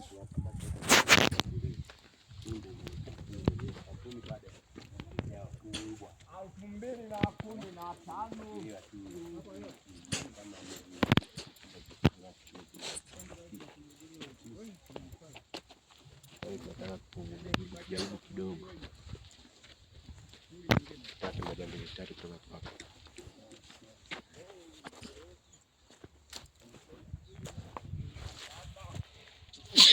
mbili kumi na kidogo tatu moja mbili tatu kutoka kwako.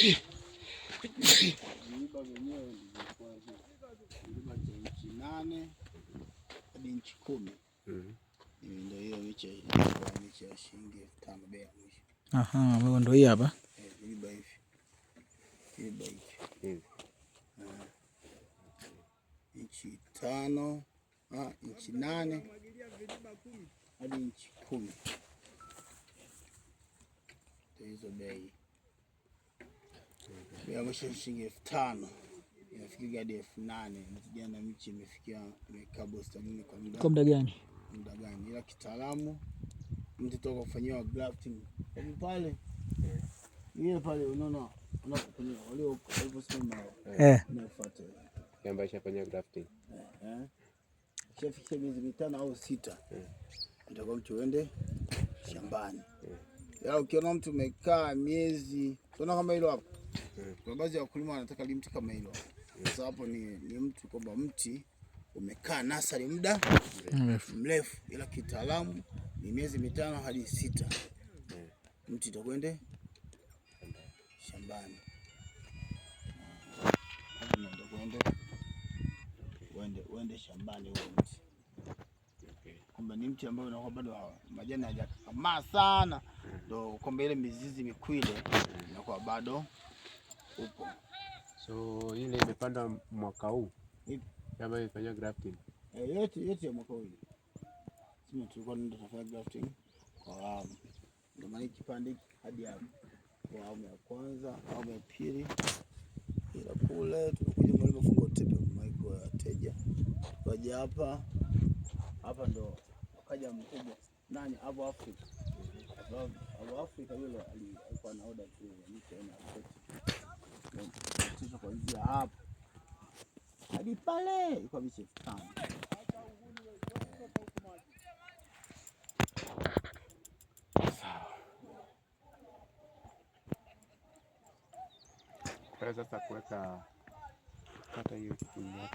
Viiba vyenyewe vilikuwa viiba vya inchi nane hadi inchi kumi ndio hiyo miche miche ya shilingi elfu tano bei ya mwisho. Aha, wewe ndio hii hapa viiba hivi viiba hivi inchi tano inchi nane hadi inchi kumi hizo bei ya mwisho shilingi elfu tano inafikia hadi elfu nane Jana michi imefikia imekaa bustanini kwa muda kwa muda gani muda gani, ila kitaalamu mtu toka kufanyiwa grafting pale ile pale, unaona eh. ambayo ishafanyia grafting eh, eh. ishafikisha miezi mitano au sita, ndio mtu uende shambani. Ila ukiona mtu umekaa miezi, unaona kama hilo hapo Eh, kuna baadhi ya wakulima wanataka limti kama hilo. kwa sababu ni, ni mtu kwamba mti umekaa nasari muda mrefu, ila kitaalamu ni miezi mitano hadi sita mti itakwende shambani uende shambani huo mti kwamba ni mti ambayo unakuwa bado majani hajakakamaa sana, ndo kwamba ile mizizi mikwile inakuwa bado Upo. So ile imepanda mwaka huu kama imefanya grafting eh, yote yote ya mwaka huu sema tulikuwa tunaenda kufanya grafting kwa ndio maana kipande hadi hapo kwa awamu ya kwanza, awamu ya pili, ila kule tunakuja mwalimu mafungo tepe maiko ya teja kaja hapa hapa ndo akaja mkubwa nani hapo Afrika hapo Afrika yule alikuwa na hapo hadi pale ilikuwa mechi elfu tano. Sasa kuweka kata hiyo